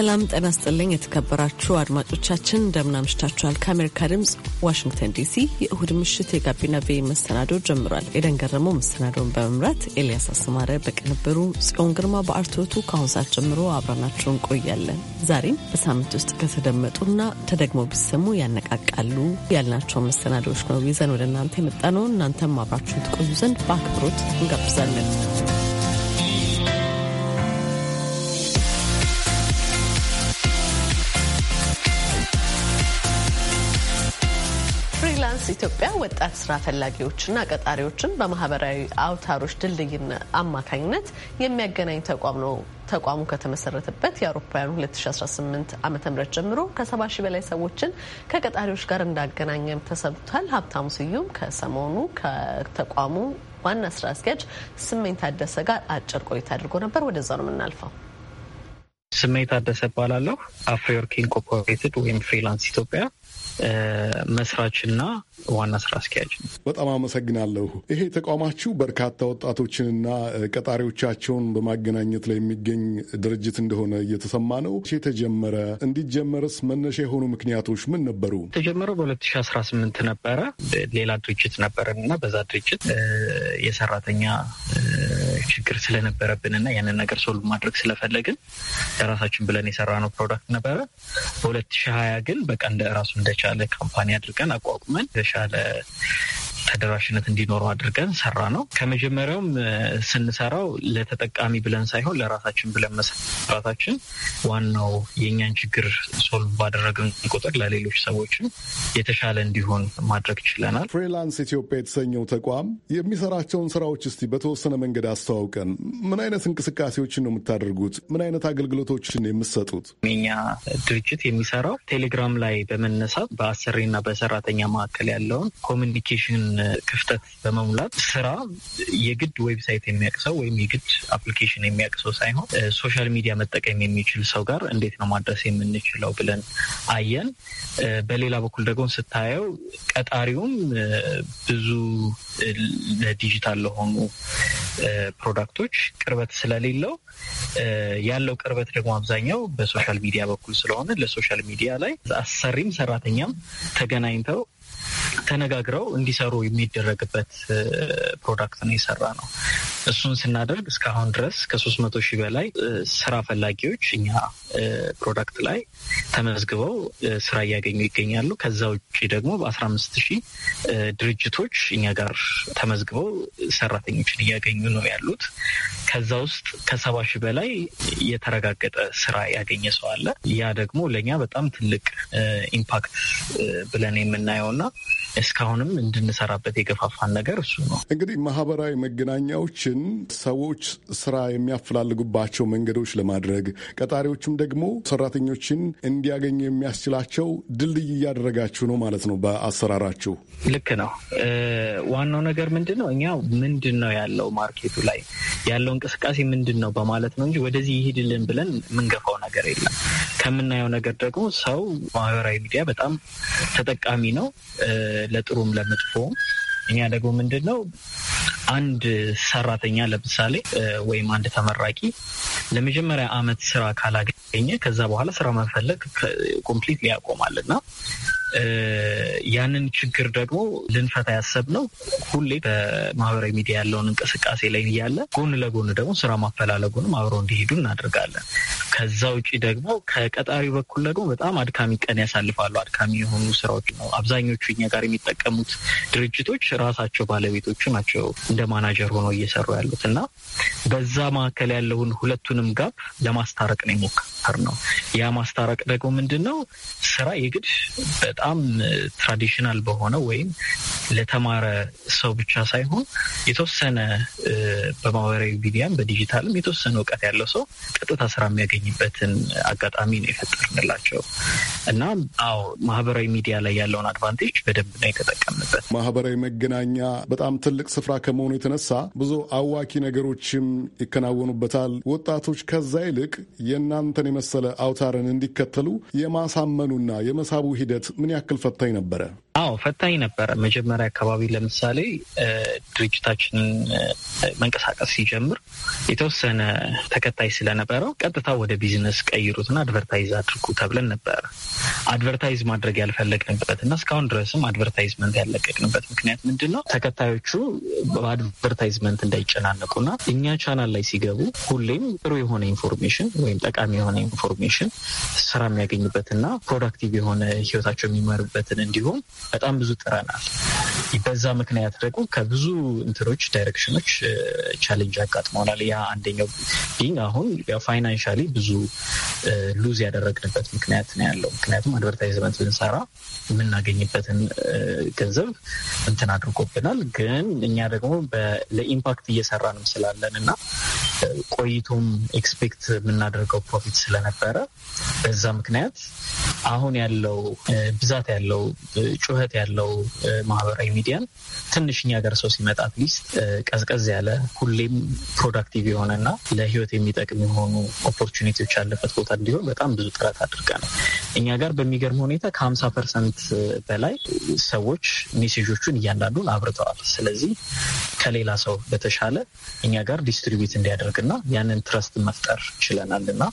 ሰላም ጤና ስጥልኝ። የተከበራችሁ አድማጮቻችን እንደምናምሽታችኋል። ከአሜሪካ ድምፅ ዋሽንግተን ዲሲ የእሁድ ምሽት የጋቢና ቤ መሰናዶ ጀምሯል። ኤደን ገረመው መሰናዶውን በመምራት ኤልያስ አስማረ በቅንብሩ፣ ጽዮን ግርማ በአርቶቱ ከአሁን ሰዓት ጀምሮ አብረናችሁ እንቆያለን። ዛሬም በሳምንት ውስጥ ከተደመጡና ተደግሞ ቢሰሙ ያነቃቃሉ ያልናቸውን መሰናዶዎች ነው ይዘን ወደ እናንተ የመጣ ነው። እናንተም አብራችሁን ትቆዩ ዘንድ በአክብሮት እንጋብዛለን። ትራንስ ኢትዮጵያ ወጣት ስራ ፈላጊዎችና ቀጣሪዎችን በማህበራዊ አውታሮች ድልድይ አማካኝነት የሚያገናኝ ተቋም ነው። ተቋሙ ከተመሰረተበት የአውሮፓውያኑ 2018 ዓ ም ጀምሮ ከ70 ሺህ በላይ ሰዎችን ከቀጣሪዎች ጋር እንዳገናኘም ተሰብቷል ሀብታሙ ስዩም ከሰሞኑ ከተቋሙ ዋና ስራ አስኪያጅ ስሜኝ ታደሰ ጋር አጭር ቆይታ አድርጎ ነበር። ወደዛ ነው የምናልፈው። ስሜኝ ታደሰ እባላለሁ። አፍሪወርኪንግ ኮርፖሬትድ ወይም ፍሪላንስ ኢትዮጵያ መስራችና ዋና ስራ አስኪያጅ ነው። በጣም አመሰግናለሁ። ይሄ ተቋማችሁ በርካታ ወጣቶችንና ቀጣሪዎቻቸውን በማገናኘት ላይ የሚገኝ ድርጅት እንደሆነ እየተሰማ ነው። የተጀመረ እንዲጀመርስ መነሻ የሆኑ ምክንያቶች ምን ነበሩ? የተጀመረው በ2018 ነበረ። ሌላ ድርጅት ነበረን እና በዛ ድርጅት የሰራተኛ ችግር ስለነበረብንና ያንን ነገር ሶልቭ ማድረግ ስለፈለግን ለራሳችን ብለን የሰራነው ፕሮዳክት ነበረ። በ2020 ግን በቃ እንደ ራሱ እንደቻ የተሻለ ካምፓኒ አድርገን አቋቁመን የተሻለ ተደራሽነት እንዲኖረው አድርገን ሰራ ነው። ከመጀመሪያውም ስንሰራው ለተጠቃሚ ብለን ሳይሆን ለራሳችን ብለን መሰራታችን ዋናው የእኛን ችግር ሶልቭ ባደረግን ቁጥር ለሌሎች ሰዎችም የተሻለ እንዲሆን ማድረግ ችለናል። ፍሪላንስ ኢትዮጵያ የተሰኘው ተቋም የሚሰራቸውን ስራዎች እስቲ በተወሰነ መንገድ አስተዋውቀን። ምን አይነት እንቅስቃሴዎችን ነው የምታደርጉት? ምን አይነት አገልግሎቶችን የምትሰጡት? የኛ ድርጅት የሚሰራው ቴሌግራም ላይ በመነሳት በአሰሪና በሰራተኛ መካከል ያለውን ኮሚኒኬሽን ክፍተት በመሙላት ስራ የግድ ዌብሳይት የሚያውቅ ሰው ወይም የግድ አፕሊኬሽን የሚያቅሰው ሰው ሳይሆን ሶሻል ሚዲያ መጠቀም የሚችል ሰው ጋር እንዴት ነው ማድረስ የምንችለው ብለን አየን። በሌላ በኩል ደግሞ ስታየው ቀጣሪውም ብዙ ለዲጂታል ለሆኑ ፕሮዳክቶች ቅርበት ስለሌለው ያለው ቅርበት ደግሞ አብዛኛው በሶሻል ሚዲያ በኩል ስለሆነ ለሶሻል ሚዲያ ላይ አሰሪም ሰራተኛም ተገናኝተው ተነጋግረው እንዲሰሩ የሚደረግበት ፕሮዳክት ነው የሰራ ነው። እሱን ስናደርግ እስካሁን ድረስ ከሶስት መቶ ሺህ በላይ ስራ ፈላጊዎች እኛ ፕሮዳክት ላይ ተመዝግበው ስራ እያገኙ ይገኛሉ። ከዛ ውጭ ደግሞ በአስራ አምስት ሺህ ድርጅቶች እኛ ጋር ተመዝግበው ሰራተኞችን እያገኙ ነው ያሉት። ከዛ ውስጥ ከሰባ ሺህ በላይ የተረጋገጠ ስራ ያገኘ ሰው አለ። ያ ደግሞ ለእኛ በጣም ትልቅ ኢምፓክት ብለን የምናየውና እስካሁንም እንድንሰራበት የገፋፋን ነገር እሱ ነው። እንግዲህ ማህበራዊ መገናኛዎችን ሰዎች ስራ የሚያፈላልጉባቸው መንገዶች ለማድረግ ቀጣሪዎችም ደግሞ ሰራተኞችን እንዲያገኙ የሚያስችላቸው ድልድይ እያደረጋችሁ ነው ማለት ነው። በአሰራራችሁ ልክ ነው። ዋናው ነገር ምንድን ነው? እኛ ምንድን ነው ያለው ማርኬቱ ላይ ያለው እንቅስቃሴ ምንድን ነው በማለት ነው እንጂ ወደዚህ ይሄድልን ብለን ምንገፋ ነገር የለም። ከምናየው ነገር ደግሞ ሰው ማህበራዊ ሚዲያ በጣም ተጠቃሚ ነው፣ ለጥሩም ለመጥፎም። እኛ ደግሞ ምንድን ነው አንድ ሰራተኛ ለምሳሌ ወይም አንድ ተመራቂ ለመጀመሪያ አመት ስራ ካላገኘ ከዛ በኋላ ስራ መፈለግ ኮምፕሊት ሊያቆማል እና ያንን ችግር ደግሞ ልንፈታ ያሰብነው ሁሌ በማህበራዊ ሚዲያ ያለውን እንቅስቃሴ ላይ እያለ ጎን ለጎን ደግሞ ስራ ማፈላለጉንም አብሮ እንዲሄዱ እናደርጋለን። ከዛ ውጭ ደግሞ ከቀጣሪው በኩል ደግሞ በጣም አድካሚ ቀን ያሳልፋሉ። አድካሚ የሆኑ ስራዎች ነው። አብዛኞቹ እኛ ጋር የሚጠቀሙት ድርጅቶች ራሳቸው ባለቤቶቹ ናቸው እንደ ማናጀር ሆነው እየሰሩ ያሉት እና በዛ መካከል ያለውን ሁለቱንም ጋር ለማስታረቅ ነው ነው። ያ ማስታረቅ ደግሞ ምንድን ነው ስራ የግድ በጣም ትራዲሽናል በሆነው ወይም ለተማረ ሰው ብቻ ሳይሆን የተወሰነ በማህበራዊ ሚዲያም በዲጂታልም የተወሰነ እውቀት ያለው ሰው ቀጥታ ስራ የሚያገኝበትን አጋጣሚ ነው የፈጠርንላቸው እና አዎ ማህበራዊ ሚዲያ ላይ ያለውን አድቫንቴጅ በደንብ ነው የተጠቀምበት። ማህበራዊ መገናኛ በጣም ትልቅ ስፍራ ከመሆኑ የተነሳ ብዙ አዋኪ ነገሮችም ይከናወኑበታል። ወጣቶች ከዛ ይልቅ የእናንተን የመሰለ አውታርን እንዲከተሉ የማሳመኑና የመሳቡ ሂደት ምን ያክል ፈታኝ ነበረ? አዎ ፈታኝ ነበረ። መጀመሪያ አካባቢ ለምሳሌ ድርጅታችንን መንቀሳቀስ ሲጀምር የተወሰነ ተከታይ ስለነበረው ቀጥታ ወደ ቢዝነስ ቀይሩትና አድቨርታይዝ አድርጉ ተብለን ነበረ። አድቨርታይዝ ማድረግ ያልፈለግንበት እና እስካሁን ድረስም አድቨርታይዝመንት ያለቀቅንበት ምክንያት ምንድን ነው? ተከታዮቹ በአድቨርታይዝመንት እንዳይጨናነቁና እኛ ቻናል ላይ ሲገቡ ሁሌም ጥሩ የሆነ ኢንፎርሜሽን ወይም ጠቃሚ የሆነ ኢንፎርሜሽን ስራ የሚያገኙበትና ፕሮዳክቲቭ የሆነ ህይወታቸው የሚመሩበትን እንዲሁም በጣም ብዙ ጥረናል። በዛ ምክንያት ደግሞ ከብዙ እንትኖች ዳይሬክሽኖች ቻሌንጅ ያጋጥመናል። ያ አንደኛው ቢንግ አሁን ፋይናንሻሊ ብዙ ሉዝ ያደረግንበት ምክንያት ነው ያለው። ምክንያቱም አድቨርታይዝመንት ብንሰራ የምናገኝበትን ገንዘብ እንትን አድርጎብናል። ግን እኛ ደግሞ ለኢምፓክት እየሰራንም ስላለን እና ቆይቶም ኤክስፔክት የምናደርገው ፕሮፊት ስለነበረ በዛ ምክንያት አሁን ያለው ብዛት ያለው ጩኸት ያለው ማህበራዊ ሚዲያን ትንሽ እኛ ጋር ሰው ሲመጣ አትሊስት ቀዝቀዝ ያለ ሁሌም ፕሮዳክቲቭ የሆነና ለህይወት የሚጠቅም የሆኑ ኦፖርቹኒቲዎች ያለበት ቦታ እንዲሆን በጣም ብዙ ጥረት አድርገናል። እኛ ጋር በሚገርም ሁኔታ ከሀምሳ ፐርሰንት በላይ ሰዎች ሜሴጆቹን እያንዳንዱን አብርተዋል። ስለዚህ ከሌላ ሰው በተሻለ እኛ ጋር ዲስትሪቢዩት እንዲያደርግ ማድረግና ያንን ትረስት መፍጠር ችለናል እና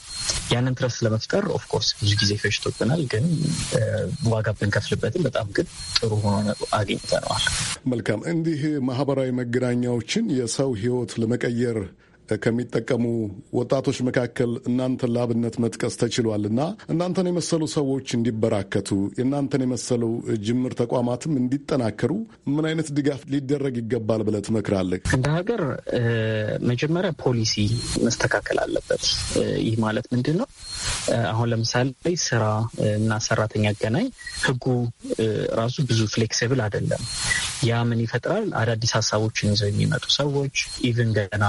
ያንን ትረስት ለመፍጠር ኦፍኮርስ ብዙ ጊዜ ፈጅቶብናል፣ ግን ዋጋ ብንከፍልበትም በጣም ግን ጥሩ ሆኖ አግኝተነዋል። መልካም። እንዲህ ማህበራዊ መገናኛዎችን የሰው ህይወት ለመቀየር ከሚጠቀሙ ወጣቶች መካከል እናንተን ለአብነት መጥቀስ ተችሏል እና እናንተን የመሰሉ ሰዎች እንዲበራከቱ የእናንተን የመሰሉ ጅምር ተቋማትም እንዲጠናከሩ ምን አይነት ድጋፍ ሊደረግ ይገባል ብለህ ትመክራለህ? እንደ ሀገር መጀመሪያ ፖሊሲ መስተካከል አለበት። ይህ ማለት ምንድን ነው? አሁን ለምሳሌ ስራ እና ሰራተኛ አገናኝ ህጉ ራሱ ብዙ ፍሌክሲብል አይደለም። ያ ምን ይፈጥራል? አዳዲስ ሀሳቦችን ይዘው የሚመጡ ሰዎች ኢቭን ገና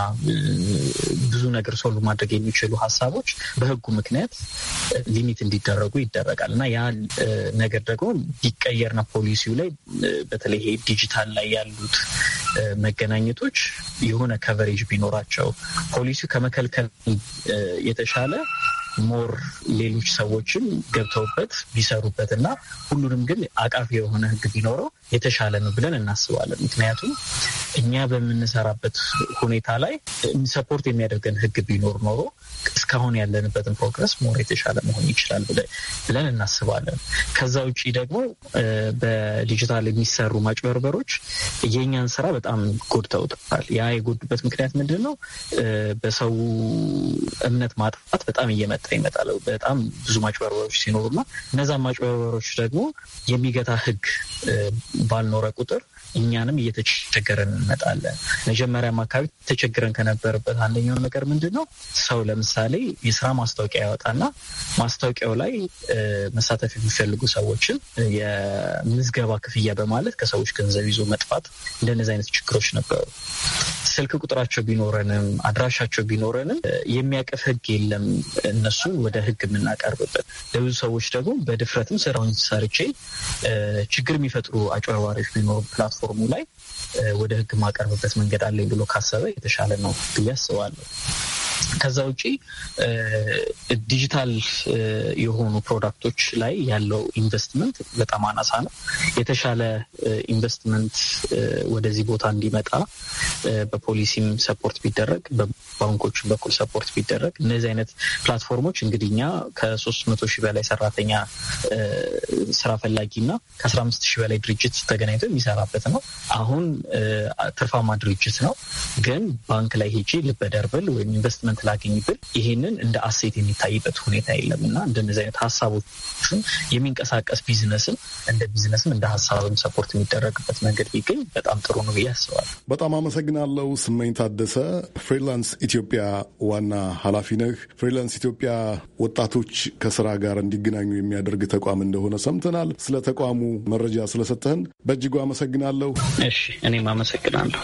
ብዙ ነገር ሶልቭ ማድረግ የሚችሉ ሀሳቦች በህጉ ምክንያት ሊሚት እንዲደረጉ ይደረጋል እና ያ ነገር ደግሞ ቢቀየርና ፖሊሲው ላይ በተለይ ይሄ ዲጂታል ላይ ያሉት መገናኘቶች የሆነ ከቨሬጅ ቢኖራቸው ፖሊሲው ከመከልከል የተሻለ ሞር ሌሎች ሰዎችም ገብተውበት ቢሰሩበት እና ሁሉንም ግን አቃፊ የሆነ ህግ ቢኖረው የተሻለ ነው ብለን እናስባለን። ምክንያቱም እኛ በምንሰራበት ሁኔታ ላይ ሰፖርት የሚያደርገን ህግ ቢኖር ኖሮ እስካሁን ያለንበትን ፕሮግረስ ሞር የተሻለ መሆን ይችላል ብለን እናስባለን። ከዛ ውጭ ደግሞ በዲጂታል የሚሰሩ ማጭበርበሮች የእኛን ስራ በጣም ጎድተውታል። ያ የጎዱበት ምክንያት ምንድን ነው? በሰው እምነት ማጥፋት በጣም እየመጣ ይመጣል። በጣም ብዙ ማጭበርበሮች ሲኖሩና እነዛን ማጭበርበሮች ደግሞ የሚገታ ህግ። ባልኖረ ቁጥር እኛንም እየተቸገረን እንመጣለን። መጀመሪያም አካባቢ ተቸግረን ከነበረበት አንደኛው ነገር ምንድን ነው? ሰው ለምሳሌ የስራ ማስታወቂያ ያወጣና ማስታወቂያው ላይ መሳተፍ የሚፈልጉ ሰዎችን የምዝገባ ክፍያ በማለት ከሰዎች ገንዘብ ይዞ መጥፋት፣ እንደነዚህ አይነት ችግሮች ነበሩ። ስልክ ቁጥራቸው ቢኖረንም አድራሻቸው ቢኖረንም የሚያቅፍ ህግ የለም እነሱን ወደ ህግ የምናቀርብበት። ለብዙ ሰዎች ደግሞ በድፍረትም ስራውን ሰርቼ ችግር የሚፈጥሩ አጭበርባሪዎች ቢኖሩ ፕላትፎርሙ ላይ ወደ ህግ ማቀርብበት መንገድ አለኝ ብሎ ካሰበ የተሻለ ነው ብዬ አስባለሁ። ከዛ ውጪ ዲጂታል የሆኑ ፕሮዳክቶች ላይ ያለው ኢንቨስትመንት በጣም አናሳ ነው። የተሻለ ኢንቨስትመንት ወደዚህ ቦታ እንዲመጣ በፖሊሲም ሰፖርት ቢደረግ፣ በባንኮች በኩል ሰፖርት ቢደረግ እነዚህ አይነት ፕላትፎርሞች እንግዲህ እኛ ከሶስት መቶ ሺህ በላይ ሰራተኛ ስራ ፈላጊ እና ከአስራ አምስት ሺህ በላይ ድርጅት ተገናኝቶ የሚሰራበት ነው። አሁን ትርፋማ ድርጅት ነው፣ ግን ባንክ ላይ ሄጄ ልበደርብል ወይም ኢንቨስትመንት ኢንቨስትመንት ላገኝ ብል ይሄንን እንደ አሴት የሚታይበት ሁኔታ የለም እና እንደነዚህ አይነት ሀሳቦችን የሚንቀሳቀስ ቢዝነስም እንደ ቢዝነስም እንደ ሀሳብም ሰፖርት የሚደረግበት መንገድ ቢገኝ በጣም ጥሩ ነው ብዬ አስባለሁ። በጣም አመሰግናለሁ። ስመኝ ታደሰ ፍሪላንስ ኢትዮጵያ ዋና ኃላፊ ነህ። ፍሪላንስ ኢትዮጵያ ወጣቶች ከስራ ጋር እንዲገናኙ የሚያደርግ ተቋም እንደሆነ ሰምተናል። ስለ ተቋሙ መረጃ ስለሰጠህን በእጅጉ አመሰግናለሁ። እሺ እኔም አመሰግናለሁ።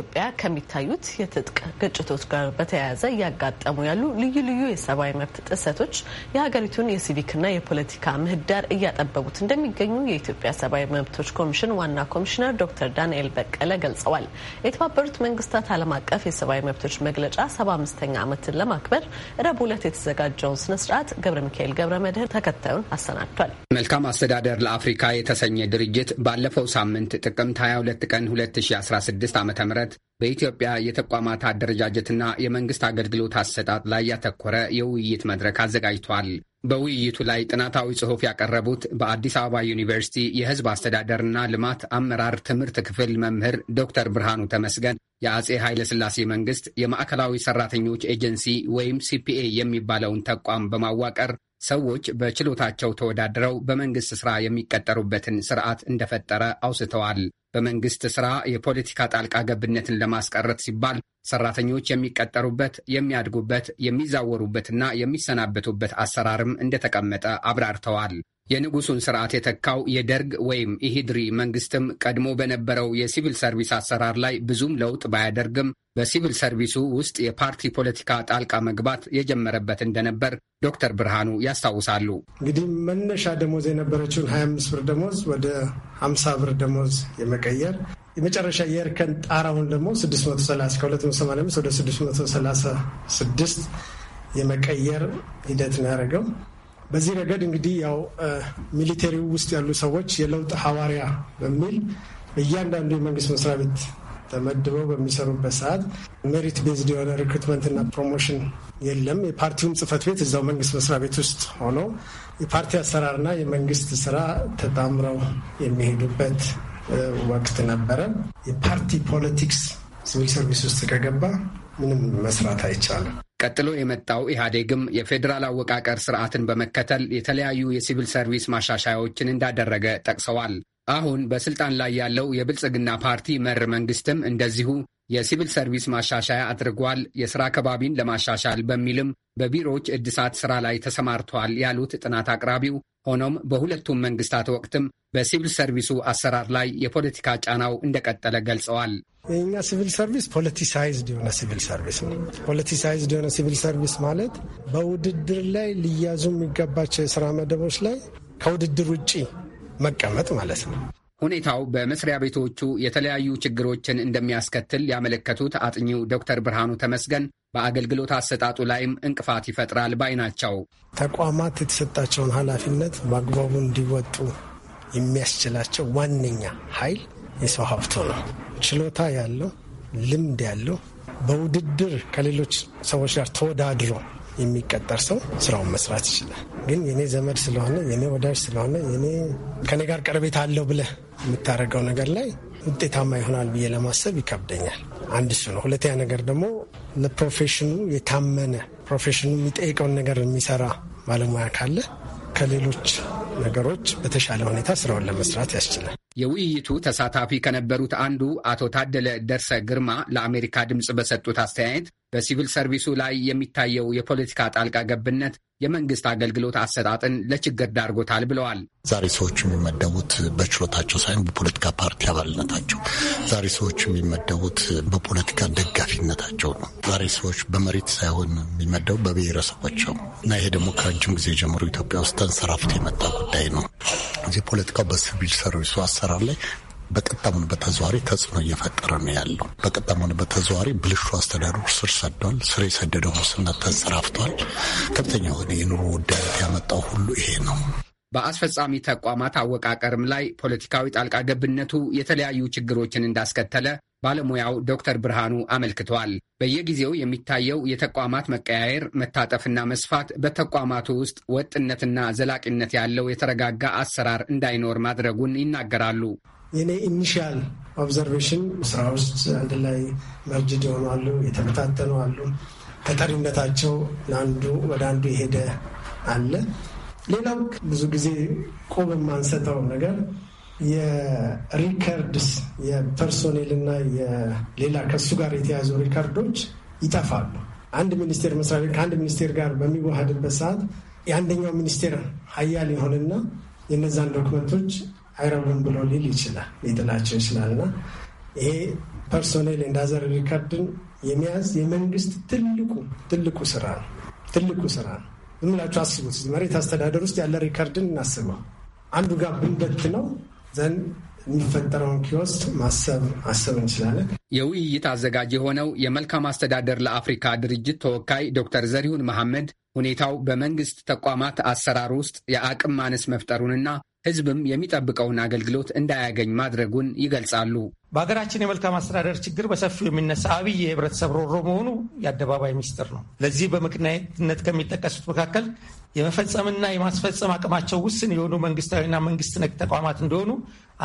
በኢትዮጵያ ከሚታዩት የትጥቅ ግጭቶች ጋር በተያያዘ እያጋጠሙ ያሉ ልዩ ልዩ የሰብአዊ መብት ጥሰቶች የሀገሪቱን የሲቪክና የፖለቲካ ምህዳር እያጠበቡት እንደሚገኙ የኢትዮጵያ ሰብአዊ መብቶች ኮሚሽን ዋና ኮሚሽነር ዶክተር ዳንኤል በቀለ ገልጸዋል። የተባበሩት መንግስታት ዓለም አቀፍ የሰብአዊ መብቶች መግለጫ ሰባ አምስተኛ ዓመትን ለማክበር ረቡዕ ዕለት የተዘጋጀውን ስነስርዓት ገብረ ሚካኤል ገብረ መድህን ተከታዩን አሰናድቷል። መልካም አስተዳደር ለአፍሪካ የተሰኘ ድርጅት ባለፈው ሳምንት ጥቅምት 22 ቀን 2016 ዓ ም መሰረት በኢትዮጵያ የተቋማት አደረጃጀትና የመንግስት አገልግሎት አሰጣጥ ላይ ያተኮረ የውይይት መድረክ አዘጋጅቷል። በውይይቱ ላይ ጥናታዊ ጽሑፍ ያቀረቡት በአዲስ አበባ ዩኒቨርሲቲ የሕዝብ አስተዳደርና ልማት አመራር ትምህርት ክፍል መምህር ዶክተር ብርሃኑ ተመስገን የአጼ ኃይለሥላሴ መንግሥት የማዕከላዊ ሠራተኞች ኤጀንሲ ወይም ሲፒኤ የሚባለውን ተቋም በማዋቀር ሰዎች በችሎታቸው ተወዳድረው በመንግሥት ሥራ የሚቀጠሩበትን ስርዓት እንደፈጠረ አውስተዋል። በመንግሥት ሥራ የፖለቲካ ጣልቃ ገብነትን ለማስቀረት ሲባል ሰራተኞች የሚቀጠሩበት፣ የሚያድጉበት፣ የሚዛወሩበትና የሚሰናበቱበት አሰራርም እንደተቀመጠ አብራርተዋል። የንጉሱን ስርዓት የተካው የደርግ ወይም ኢሂድሪ መንግስትም ቀድሞ በነበረው የሲቪል ሰርቪስ አሰራር ላይ ብዙም ለውጥ ባያደርግም በሲቪል ሰርቪሱ ውስጥ የፓርቲ ፖለቲካ ጣልቃ መግባት የጀመረበት እንደነበር ዶክተር ብርሃኑ ያስታውሳሉ። እንግዲህ መነሻ ደሞዝ የነበረችውን 25 ብር ደሞዝ ወደ 50 ብር ደሞዝ የመቀየር የመጨረሻ የእርከን ጣራውን ደግሞ 630 ከ285 ወደ 636 የመቀየር ሂደት ነው ያደረገው። በዚህ ረገድ እንግዲህ ያው ሚሊቴሪው ውስጥ ያሉ ሰዎች የለውጥ ሐዋርያ በሚል በእያንዳንዱ የመንግስት መስሪያ ቤት ተመድበው በሚሰሩበት ሰዓት ሜሪት ቤዝድ የሆነ ሪክሩትመንትና ፕሮሞሽን የለም። የፓርቲውም ጽህፈት ቤት እዛው መንግስት መስሪያ ቤት ውስጥ ሆኖ የፓርቲ አሰራርና የመንግስት ስራ ተጣምረው የሚሄዱበት ወቅት ነበረ። የፓርቲ ፖለቲክስ ሲቪል ሰርቪስ ውስጥ ከገባ ምንም መስራት አይቻልም። ቀጥሎ የመጣው ኢህአዴግም የፌዴራል አወቃቀር ስርዓትን በመከተል የተለያዩ የሲቪል ሰርቪስ ማሻሻያዎችን እንዳደረገ ጠቅሰዋል። አሁን በስልጣን ላይ ያለው የብልጽግና ፓርቲ መር መንግስትም እንደዚሁ የሲቪል ሰርቪስ ማሻሻያ አድርጓል። የስራ ከባቢን ለማሻሻል በሚልም በቢሮዎች እድሳት ስራ ላይ ተሰማርቷል ያሉት ጥናት አቅራቢው ሆኖም በሁለቱም መንግስታት ወቅትም በሲቪል ሰርቪሱ አሰራር ላይ የፖለቲካ ጫናው እንደቀጠለ ገልጸዋል። የእኛ ሲቪል ሰርቪስ ፖለቲሳይዝድ የሆነ ሲቪል ሰርቪስ ነው። ፖለቲሳይዝድ የሆነ ሲቪል ሰርቪስ ማለት በውድድር ላይ ሊያዙ የሚገባቸው የስራ መደቦች ላይ ከውድድር ውጪ መቀመጥ ማለት ነው። ሁኔታው በመስሪያ ቤቶቹ የተለያዩ ችግሮችን እንደሚያስከትል ያመለከቱት አጥኚው ዶክተር ብርሃኑ ተመስገን በአገልግሎት አሰጣጡ ላይም እንቅፋት ይፈጥራል ባይ ናቸው። ተቋማት የተሰጣቸውን ኃላፊነት በአግባቡ እንዲወጡ የሚያስችላቸው ዋነኛ ኃይል የሰው ሀብቶ ነው። ችሎታ ያለው ልምድ ያለው በውድድር ከሌሎች ሰዎች ጋር ተወዳድሮ የሚቀጠር ሰው ስራውን መስራት ይችላል። ግን የኔ ዘመድ ስለሆነ የኔ ወዳጅ ስለሆነ የኔ ከኔ ጋር ቀረቤታ አለው ብለህ የምታደርገው ነገር ላይ ውጤታማ ይሆናል ብዬ ለማሰብ ይከብደኛል። አንድ እሱ ነው። ሁለተኛ ነገር ደግሞ ለፕሮፌሽኑ የታመነ ፕሮፌሽኑ የሚጠይቀውን ነገር የሚሰራ ባለሙያ ካለ ከሌሎች ነገሮች በተሻለ ሁኔታ ስራውን ለመስራት ያስችላል። የውይይቱ ተሳታፊ ከነበሩት አንዱ አቶ ታደለ ደርሰ ግርማ ለአሜሪካ ድምፅ በሰጡት አስተያየት በሲቪል ሰርቪሱ ላይ የሚታየው የፖለቲካ ጣልቃ ገብነት የመንግስት አገልግሎት አሰጣጥን ለችግር ዳርጎታል ብለዋል። ዛሬ ሰዎች የሚመደቡት በችሎታቸው ሳይሆን በፖለቲካ ፓርቲ አባልነታቸው፣ ዛሬ ሰዎች የሚመደቡት በፖለቲካ ደጋፊነታቸው ነው። ዛሬ ሰዎች በመሬት ሳይሆን የሚመደቡ በብሔረሰቦቸው እና ይሄ ደግሞ ከረጅም ጊዜ ጀምሮ ኢትዮጵያ ውስጥ ተንሰራፍቶ የመጣ ጉዳይ ነው። እዚህ ፖለቲካው በሲቪል ሰርቪሱ አሰራር ላይ በቀጥታም በተዘዋዋሪ ተጽዕኖ እየፈጠረ ነው ያለው። በቀጥታም በተዘዋዋሪ ብልሹ አስተዳደሩ ስር ሰደዋል። ስር የሰደደው ሙስና ተንሰራፍቷል። ከፍተኛ ወደ የኑሮ ውድነት ያመጣው ሁሉ ይሄ ነው። በአስፈጻሚ ተቋማት አወቃቀርም ላይ ፖለቲካዊ ጣልቃ ገብነቱ የተለያዩ ችግሮችን እንዳስከተለ ባለሙያው ዶክተር ብርሃኑ አመልክቷል። በየጊዜው የሚታየው የተቋማት መቀያየር፣ መታጠፍና መስፋት በተቋማቱ ውስጥ ወጥነትና ዘላቂነት ያለው የተረጋጋ አሰራር እንዳይኖር ማድረጉን ይናገራሉ። የኔ ኢኒሻል ኦብዘርቬሽን ስራ ውስጥ አንድ ላይ መርጅድ የሆኑ አሉ፣ የተበታተኑ አሉ። ተጠሪነታቸው ለአንዱ ወደ አንዱ የሄደ አለ። ሌላው ብዙ ጊዜ ቆብ የማንሰጠው ነገር የሪከርድስ የፐርሶኔል እና የሌላ ከሱ ጋር የተያዙ ሪከርዶች ይጠፋሉ። አንድ ሚኒስቴር መስሪያ ቤት ከአንድ ሚኒስቴር ጋር በሚዋሃድበት ሰዓት የአንደኛው ሚኒስቴር ሀያል ይሆንና የነዛን ዶክመንቶች አይረብም ብሎ ሊል ይችላል፣ ሊጥላቸው ይችላል እና ይሄ ፐርሶኔል እንዳዘር ሪከርድን የሚያዝ የመንግስት ትልቁ ትልቁ ስራ ነው። ትልቁ ስራ ነው። ዝም ብላችሁ አስቡት። መሬት አስተዳደር ውስጥ ያለ ሪከርድን እናስበው። አንዱ ጋር ብንበት ነው ዘንድ የሚፈጠረውን ኪዮስ ማሰብ ማሰብ እንችላለን። የውይይት አዘጋጅ የሆነው የመልካም አስተዳደር ለአፍሪካ ድርጅት ተወካይ ዶክተር ዘሪሁን መሐመድ ሁኔታው በመንግስት ተቋማት አሰራር ውስጥ የአቅም ማነስ መፍጠሩንና ህዝብም የሚጠብቀውን አገልግሎት እንዳያገኝ ማድረጉን ይገልጻሉ። በሀገራችን የመልካም አስተዳደር ችግር በሰፊው የሚነሳ አብይ የህብረተሰብ ሮሮ መሆኑ የአደባባይ ሚስጥር ነው። ለዚህ በምክንያትነት ከሚጠቀሱት መካከል የመፈጸምና የማስፈጸም አቅማቸው ውስን የሆኑ መንግስታዊና መንግስት ነክ ተቋማት እንደሆኑ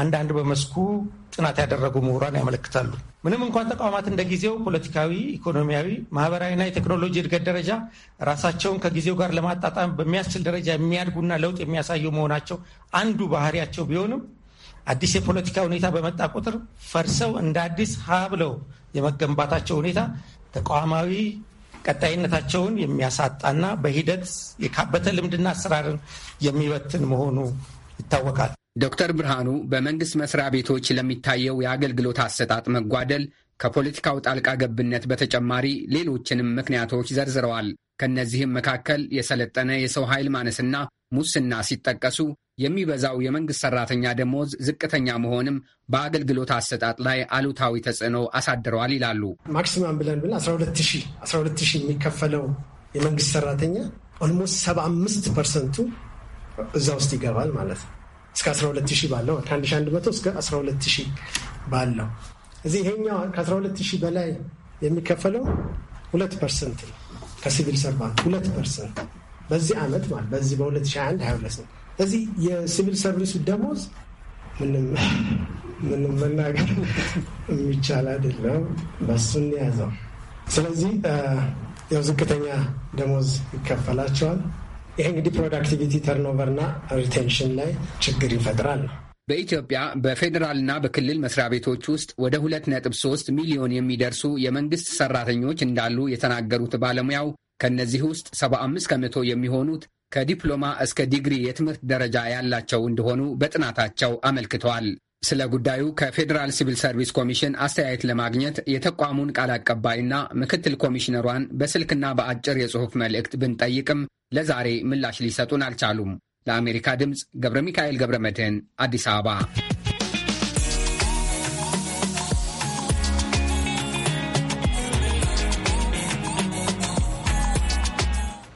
አንዳንድ በመስኩ ጥናት ያደረጉ ምሁራን ያመለክታሉ። ምንም እንኳን ተቋማት እንደ ጊዜው ፖለቲካዊ፣ ኢኮኖሚያዊ፣ ማህበራዊና የቴክኖሎጂ እድገት ደረጃ ራሳቸውን ከጊዜው ጋር ለማጣጣም በሚያስችል ደረጃ የሚያድጉና ለውጥ የሚያሳዩ መሆናቸው አንዱ ባህሪያቸው ቢሆንም አዲስ የፖለቲካ ሁኔታ በመጣ ቁጥር ፈርሰው እንደ አዲስ ሀ ብለው የመገንባታቸው ሁኔታ ተቋማዊ ቀጣይነታቸውን የሚያሳጣና በሂደት የካበተ ልምድና አሰራርን የሚበትን መሆኑ ይታወቃል። ዶክተር ብርሃኑ በመንግስት መስሪያ ቤቶች ለሚታየው የአገልግሎት አሰጣጥ መጓደል ከፖለቲካው ጣልቃ ገብነት በተጨማሪ ሌሎችንም ምክንያቶች ዘርዝረዋል። ከእነዚህም መካከል የሰለጠነ የሰው ኃይል ማነስና ሙስና ሲጠቀሱ የሚበዛው የመንግሥት ሠራተኛ ደሞዝ ዝቅተኛ መሆንም በአገልግሎት አሰጣጥ ላይ አሉታዊ ተጽዕኖ አሳድረዋል ይላሉ። ማክሲማም ብለን ብለን 12 ሺህ የሚከፈለው የመንግሥት ሠራተኛ ኦልሞስት 75 ፐርሰንቱ እዛ ውስጥ ይገባል ማለት ነው። እስከ 12 ሺህ ባለው ከ1100 እስከ 12 ሺህ ባለው እዚህ ይሄኛው ከ12 ሺህ በላይ የሚከፈለው ሁለት ፐርሰንት ነው። ከሲቪል ሰርቫንት ሁለት ፐርሰንት በዚህ ዓመት ማለት በዚህ በ2021 22 ነው እዚህ የሲቪል ሰርቪስ ደሞዝ ምንም መናገር የሚቻል አይደለም። በሱን የያዘው ስለዚህ ያው ዝቅተኛ ደሞዝ ይከፈላቸዋል። ይሄ እንግዲህ ፕሮዳክቲቪቲ ተርኖቨር ሪቴንሽን ላይ ችግር ይፈጥራል። በኢትዮጵያ በፌዴራልና በክልል መስሪያ ቤቶች ውስጥ ወደ 2.3 ሚሊዮን የሚደርሱ የመንግስት ሰራተኞች እንዳሉ የተናገሩት ባለሙያው ከእነዚህ ውስጥ 75 ከመቶ የሚሆኑት ከዲፕሎማ እስከ ዲግሪ የትምህርት ደረጃ ያላቸው እንደሆኑ በጥናታቸው አመልክተዋል። ስለ ጉዳዩ ከፌዴራል ሲቪል ሰርቪስ ኮሚሽን አስተያየት ለማግኘት የተቋሙን ቃል አቀባይና ምክትል ኮሚሽነሯን በስልክና በአጭር የጽሑፍ መልእክት ብንጠይቅም ለዛሬ ምላሽ ሊሰጡን አልቻሉም። ለአሜሪካ ድምፅ ገብረ ሚካኤል ገብረ መድህን አዲስ አበባ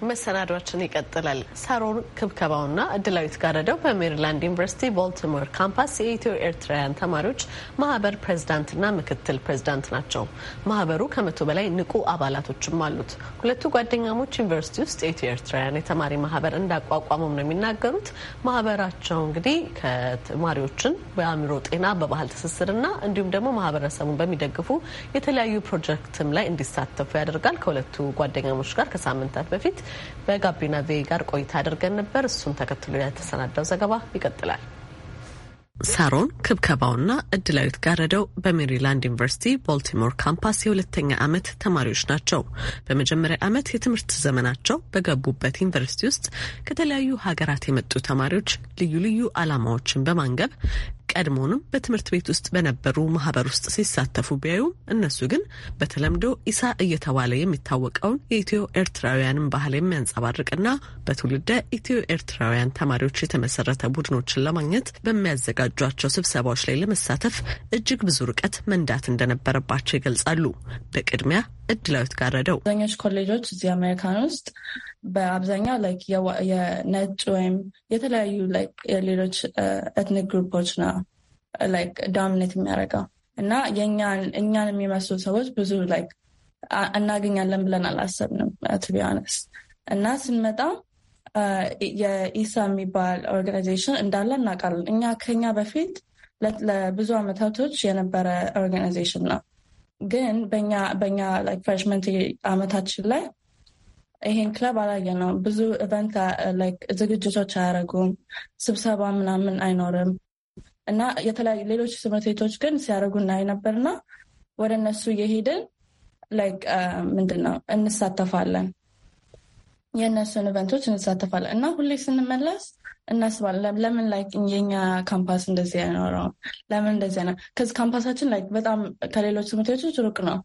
መሰናዷችን ይቀጥላል። ሳሮን ክብከባውና እድላዊት ጋረደው በሜሪላንድ ዩኒቨርሲቲ ቦልቲሞር ካምፓስ የኢትዮ ኤርትራውያን ተማሪዎች ማህበር ፕሬዝዳንትና ምክትል ፕሬዝዳንት ናቸው። ማህበሩ ከመቶ በላይ ንቁ አባላቶችም አሉት። ሁለቱ ጓደኛሞች ዩኒቨርሲቲ ውስጥ የኢትዮ ኤርትራውያን የተማሪ ማህበር እንዳቋቋሙም ነው የሚናገሩት። ማህበራቸው እንግዲህ ከተማሪዎችን በአእምሮ ጤና፣ በባህል ትስስርና እንዲሁም ደግሞ ማህበረሰቡን በሚደግፉ የተለያዩ ፕሮጀክትም ላይ እንዲሳተፉ ያደርጋል። ከሁለቱ ጓደኛሞች ጋር ከሳምንታት በፊት በጋቢና ቪኦኤ ጋር ቆይታ አድርገን ነበር። እሱን ተከትሎ የተሰናዳው ዘገባ ይቀጥላል። ሳሮን ክብከባውና እድላዊት ጋረደው በሜሪላንድ ዩኒቨርሲቲ ቦልቲሞር ካምፓስ የሁለተኛ ዓመት ተማሪዎች ናቸው። በመጀመሪያ ዓመት የትምህርት ዘመናቸው በገቡበት ዩኒቨርሲቲ ውስጥ ከተለያዩ ሀገራት የመጡ ተማሪዎች ልዩ ልዩ ዓላማዎችን በማንገብ ቀድሞውንም በትምህርት ቤት ውስጥ በነበሩ ማህበር ውስጥ ሲሳተፉ ቢያዩም እነሱ ግን በተለምዶ ኢሳ እየተባለ የሚታወቀውን የኢትዮ ኤርትራውያንን ባህል የሚያንጸባርቅና በትውልደ ኢትዮ ኤርትራውያን ተማሪዎች የተመሰረተ ቡድኖችን ለማግኘት በሚያዘጋጇቸው ስብሰባዎች ላይ ለመሳተፍ እጅግ ብዙ ርቀት መንዳት እንደነበረባቸው ይገልጻሉ። በቅድሚያ እድላዊት ጋረደው አብዛኞች ኮሌጆች እዚህ አሜሪካን ውስጥ በአብዛኛው ላይክ የነጭ ወይም የተለያዩ ላይክ የሌሎች ኤትኒክ ግሩፖች ነው ላይክ ዳሚኔት የሚያደርገው እና እኛን የሚመስሉ ሰዎች ብዙ ላይክ እናገኛለን ብለን አላሰብንም ትቢያነስ እና ስንመጣ የኢሳ የሚባል ኦርጋናይዜሽን እንዳለ እናውቃለን። እኛ ከኛ በፊት ለብዙ አመታቶች የነበረ ኦርጋናይዜሽን ነው ግን በኛ በኛ ፍሬሽመንት አመታችን ላይ ይሄን ክለብ አላየ ነው። ብዙ ኢቨንት ዝግጅቶች አያደርጉም፣ ስብሰባ ምናምን አይኖርም እና የተለያዩ ሌሎች ትምህርት ቤቶች ግን ሲያደርጉ እናይ ነበርና ወደ እነሱ እየሄድን ላይክ ምንድን ነው እንሳተፋለን፣ የእነሱን ኢቨንቶች እንሳተፋለን እና ሁሌ ስንመለስ እናስባለን። ለምን ላይክ የኛ ካምፓስ እንደዚህ አይኖረውም? ለምን እንደዚህ ነው? ከዚህ ካምፓሳችን ላይክ በጣም ከሌሎች ትምህርት ቤቶች ሩቅ ነው።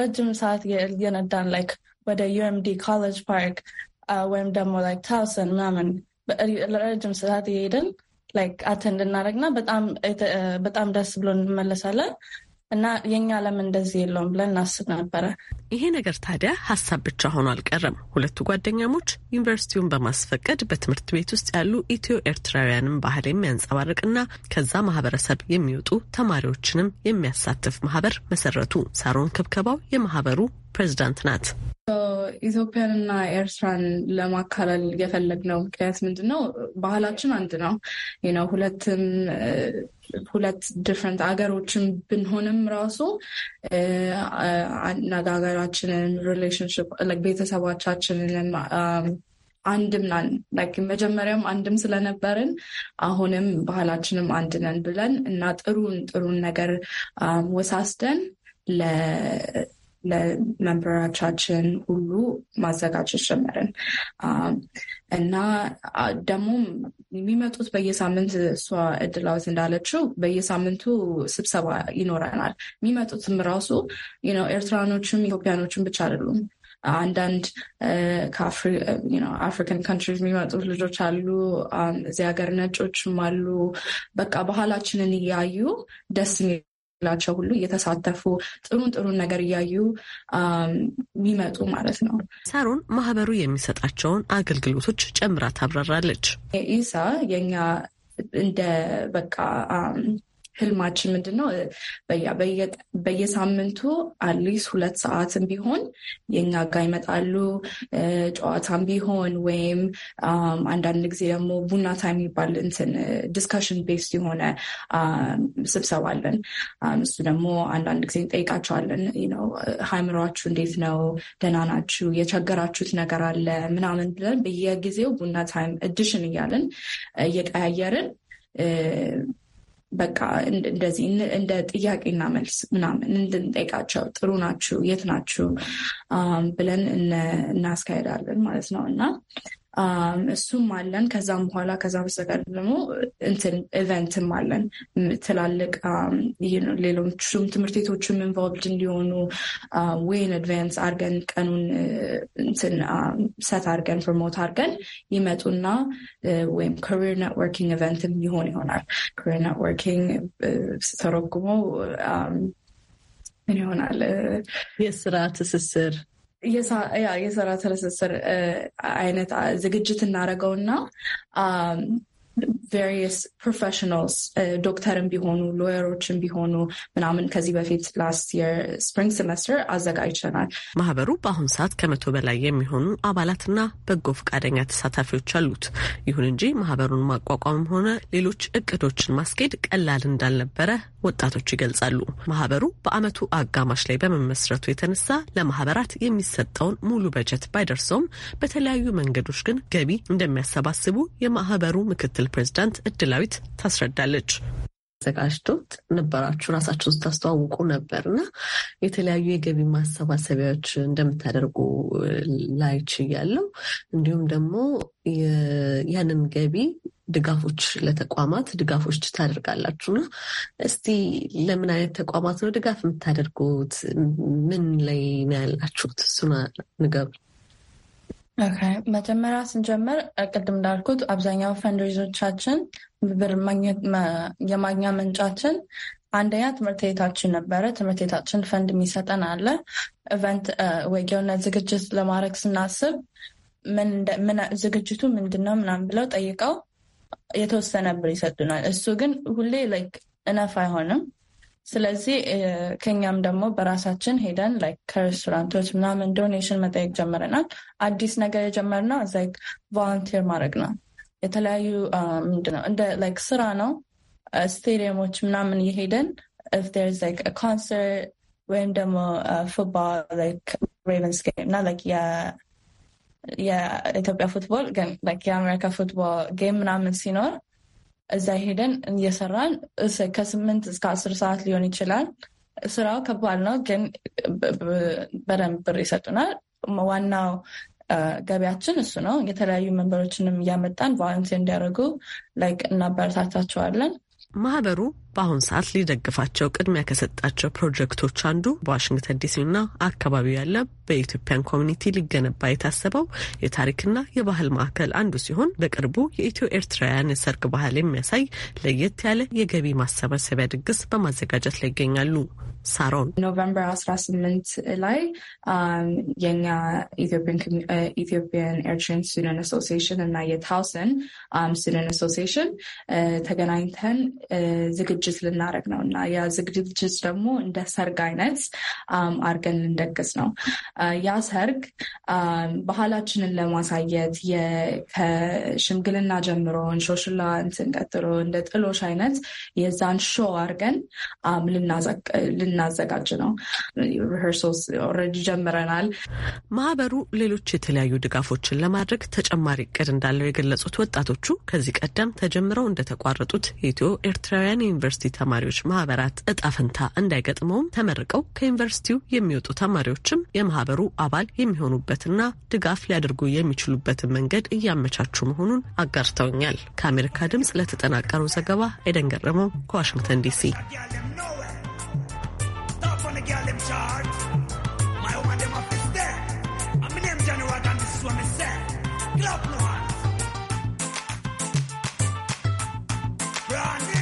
ረጅም ሰዓት የነዳን ላይክ ወደ ዩኤምዲ ኮሌጅ ፓርክ ወይም ደግሞ ላይክ ታውሰን ምናምን ረጅም ሰዓት የሄድን ላይክ አተንድ እናደረግና በጣም ደስ ብሎ እንመለሳለን። እና የኛ ለምን እንደዚህ የለውም ብለን እናስብ ነበረ። ይሄ ነገር ታዲያ ሀሳብ ብቻ ሆኖ አልቀረም። ሁለቱ ጓደኛሞች ዩኒቨርሲቲውን በማስፈቀድ በትምህርት ቤት ውስጥ ያሉ ኢትዮ ኤርትራውያንን ባህል የሚያንጸባርቅና ከዛ ማህበረሰብ የሚወጡ ተማሪዎችንም የሚያሳትፍ ማህበር መሰረቱ። ሳሮን ክብከባው የማህበሩ ፕሬዚዳንት ናት። ኢትዮጵያንና ኤርትራን ለማካለል የፈለግነው ምክንያት ምንድን ነው? ባህላችን አንድ ነው ነው ሁለትም uh, ሁለት ዲፍረንት አገሮችን ብንሆንም ራሱ uh, አነጋገራችንን፣ ሪሌሽንሽፕ ቤተሰቦቻችንንም um, አንድም ናን መጀመሪያም አንድም ስለነበርን አሁንም ባህላችንም አንድ ነን ብለን እና ጥሩን ጥሩን ነገር um, ወሳስደን ለመንበራቻችን ሁሉ ማዘጋጀት ጀመርን እና ደግሞ የሚመጡት በየሳምንት እሷ እድላዊት እንዳለችው በየሳምንቱ ስብሰባ ይኖረናል። የሚመጡትም ራሱ ኤርትራኖችም ኢትዮጵያኖችም ብቻ አይደሉም። አንዳንድ ከአፍሪካን ካንትሪ የሚመጡት ልጆች አሉ። እዚህ ሀገር ነጮችም አሉ። በቃ ባህላችንን እያዩ ደስ የሚል ላቸው ሁሉ እየተሳተፉ ጥሩን ጥሩን ነገር እያዩ የሚመጡ ማለት ነው። ሳሮን ማህበሩ የሚሰጣቸውን አገልግሎቶች ጨምራ ታብራራለች። ኢሳ የኛ እንደ በቃ ህልማችን ምንድን ነው? በየሳምንቱ አትሊስት ሁለት ሰዓትም ቢሆን የእኛ ጋ ይመጣሉ። ጨዋታም ቢሆን ወይም አንዳንድ ጊዜ ደግሞ ቡና ታይም የሚባል እንትን ዲስካሽን ቤስ የሆነ ስብሰባ አለን። እሱ ደግሞ አንዳንድ ጊዜ እንጠይቃቸዋለን። ሃይምሯችሁ እንዴት ነው? ደህና ናችሁ? የቸገራችሁት ነገር አለ ምናምን ብለን በየጊዜው ቡና ታይም እድሽን እያለን እየቀያየርን በቃ እንደዚህ እንደ ጥያቄና መልስ ምናምን እንድንጠይቃቸው ጥሩ ናችሁ፣ የት ናችሁ ብለን እናስካሄዳለን ማለት ነው እና እሱም አለን። ከዛም በኋላ ከዛ በስተቀር ደግሞ እንትን ኢቨንትም አለን ትላልቅ ሌሎቹም ትምህርት ቤቶችም ኢንቮልቭድ እንዲሆኑ ወይን አድቫንስ አርገን ቀኑን እንትን ሰት አርገን ፕሮሞት አርገን ይመጡና ወይም ካሪር ኔትወርኪንግ ኢቨንትም ይሆን ይሆናል። ካሪር ኔትወርኪንግ ተረጉሞ ምን ይሆናል? የስራ ትስስር የሰራ ትስስር አይነት ዝግጅት እና ቬሪየስ ፕሮፌሽናልስ ዶክተርም ቢሆኑ ሎየሮችም ቢሆኑ ምናምን ከዚህ በፊት ላስት የር ስፕሪንግ ሴሜስተር አዘጋጅተናል። ማህበሩ በአሁኑ ሰዓት ከመቶ በላይ የሚሆኑ አባላትና በጎ ፈቃደኛ ተሳታፊዎች አሉት። ይሁን እንጂ ማህበሩን ማቋቋምም ሆነ ሌሎች እቅዶችን ማስኬድ ቀላል እንዳልነበረ ወጣቶች ይገልጻሉ። ማህበሩ በአመቱ አጋማሽ ላይ በመመስረቱ የተነሳ ለማህበራት የሚሰጠውን ሙሉ በጀት ባይደርሰውም በተለያዩ መንገዶች ግን ገቢ እንደሚያሰባስቡ የማህበሩ ምክትል ፕሬዚዳንት እድላዊት ታስረዳለች። ዘጋጅቶት ነበራችሁ ራሳችሁን ስታስተዋውቁ ነበር እና የተለያዩ የገቢ ማሰባሰቢያዎች እንደምታደርጉ ላይች እያለው እንዲሁም ደግሞ ያንን ገቢ ድጋፎች ለተቋማት ድጋፎች ታደርጋላችሁ ና እስቲ ለምን አይነት ተቋማት ነው ድጋፍ የምታደርጉት? ምን ላይ ነው ያላችሁት? እሱን ንገሩ። መጀመሪያ ስንጀምር ቅድም እንዳልኩት አብዛኛው ፈንድሪዞቻችን ብር የማግኛ ምንጫችን አንደኛ ትምህርት ቤታችን ነበረ። ትምህርት ቤታችን ፈንድ የሚሰጠን አለ። ኢቨንት ወይ ዝግጅት ለማድረግ ስናስብ ዝግጅቱ ምንድን ነው ምናምን ብለው ጠይቀው የተወሰነ ብር ይሰጡናል። እሱ ግን ሁሌ ላይክ እነፍ አይሆንም። ስለዚህ ከኛም ደግሞ በራሳችን ሄደን ላይክ ከሬስቶራንቶች ምናምን ዶኔሽን መጠየቅ ጀምረናል። አዲስ ነገር የጀመርነው ላይክ ቮለንቲር ማድረግ ነው። የተለያዩ ምንድን ነው እንደ ላይክ ስራ ነው። ስቴዲየሞች ምናምን የሄደን ኢፍ ዜርስ ላይክ ኮንሰርት ወይም ደግሞ ፉትቦል ሬቨንስ ጌም እና የኢትዮጵያ ፉትቦል የአሜሪካ ፉትቦል ጌም ምናምን ሲኖር እዛ ሄደን እየሰራን ከስምንት እስከ አስር ሰዓት ሊሆን ይችላል። ስራው ከባድ ነው፣ ግን በደንብ ብር ይሰጡናል። ዋናው ገቢያችን እሱ ነው። የተለያዩ መንበሮችንም እያመጣን ቫለንቲ እንዲያደርጉ እናበረታታቸዋለን። ማህበሩ በአሁን ሰዓት ሊደግፋቸው ቅድሚያ ከሰጣቸው ፕሮጀክቶች አንዱ በዋሽንግተን ዲሲና አካባቢው ያለ በኢትዮጵያን ኮሚኒቲ ሊገነባ የታሰበው የታሪክና የባህል ማዕከል አንዱ ሲሆን በቅርቡ የኢትዮ ኤርትራውያን የሰርግ ባህል የሚያሳይ ለየት ያለ የገቢ ማሰባሰቢያ ድግስ በማዘጋጀት ላይ ይገኛሉ። ሳሮን ኖቨምበር 18 ላይ um, የኛ ኢትዮጵያን uh, ኤርትራን ስቱደንት አሶሲሽን እና የታውሰን um, ስቱደንት አሶሲሽን uh, ተገናኝተን uh, ዝግጅት ልናደረግ ነው እና ያ ዝግጅት ደግሞ እንደ ሰርግ አይነት um, አርገን ልንደግስ ነው። ያ ሰርግ ባህላችንን ለማሳየት ከሽምግልና ጀምሮ እንሾሽላ እንትን ቀጥሎ እንደ ጥሎሽ አይነት የዛን ሾ አርገን ልናዘጋጅ ነው። ሪሄርሶስ ኦልሬዲ ጀምረናል። ማህበሩ ሌሎች የተለያዩ ድጋፎችን ለማድረግ ተጨማሪ እቅድ እንዳለው የገለጹት ወጣቶቹ ከዚህ ቀደም ተጀምረው እንደተቋረጡት የኢትዮ ኤርትራውያን ዩኒቨርሲቲ ተማሪዎች ማህበራት እጣ ፈንታ እንዳይገጥመውም ተመርቀው ከዩኒቨርሲቲው የሚወጡ ተማሪዎችም የማህበሩ አባል የሚሆኑበትና ድጋፍ ሊያደርጉ የሚችሉበትን መንገድ እያመቻቹ መሆኑን አጋርተውኛል። ከአሜሪካ ድምጽ ለተጠናቀረው ዘገባ ኤደን ገረመው ከዋሽንግተን ዲሲ። the girl them short. My woman them up is there. I'm in name general Rod and this is what me say. no one. Brand new.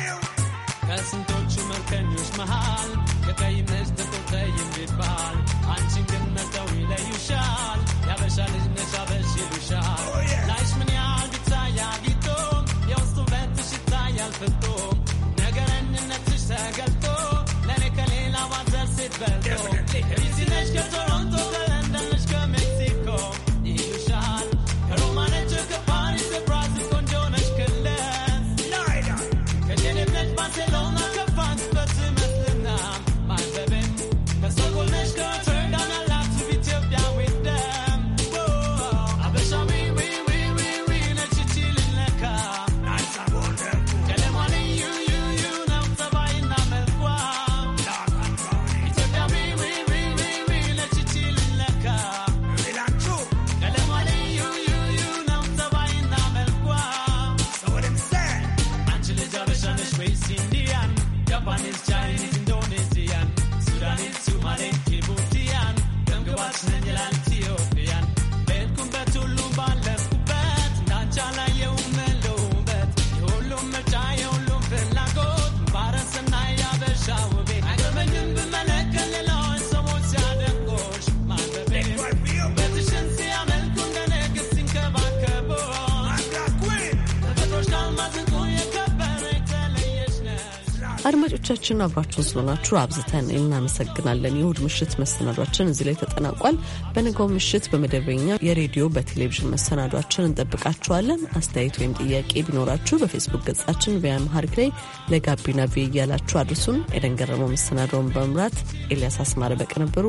አድማጮቻችን አብራችሁን ስለሆናችሁ አብዝተን እናመሰግናለን። የእሁድ ምሽት መሰናዷችን እዚህ ላይ ተጠናቋል። በንጋው ምሽት በመደበኛ የሬዲዮ በቴሌቪዥን መሰናዷችን እንጠብቃችኋለን። አስተያየት ወይም ጥያቄ ቢኖራችሁ በፌስቡክ ገጻችን ቪያምሃሪክ ላይ ለጋቢና ቪ እያላችሁ አድርሱን። ኤደን ገረመው መሰናዷውን በመምራት ኤልያስ አስማረ በቅንብሩ፣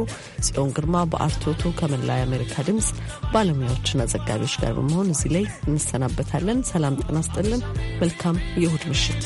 ጽዮን ግርማ በአርቶቶ ከመላ የአሜሪካ ድምፅ ባለሙያዎችና ዘጋቢዎች ጋር በመሆን እዚህ ላይ እንሰናበታለን። ሰላም ጤና ይስጥልን። መልካም የእሁድ ምሽት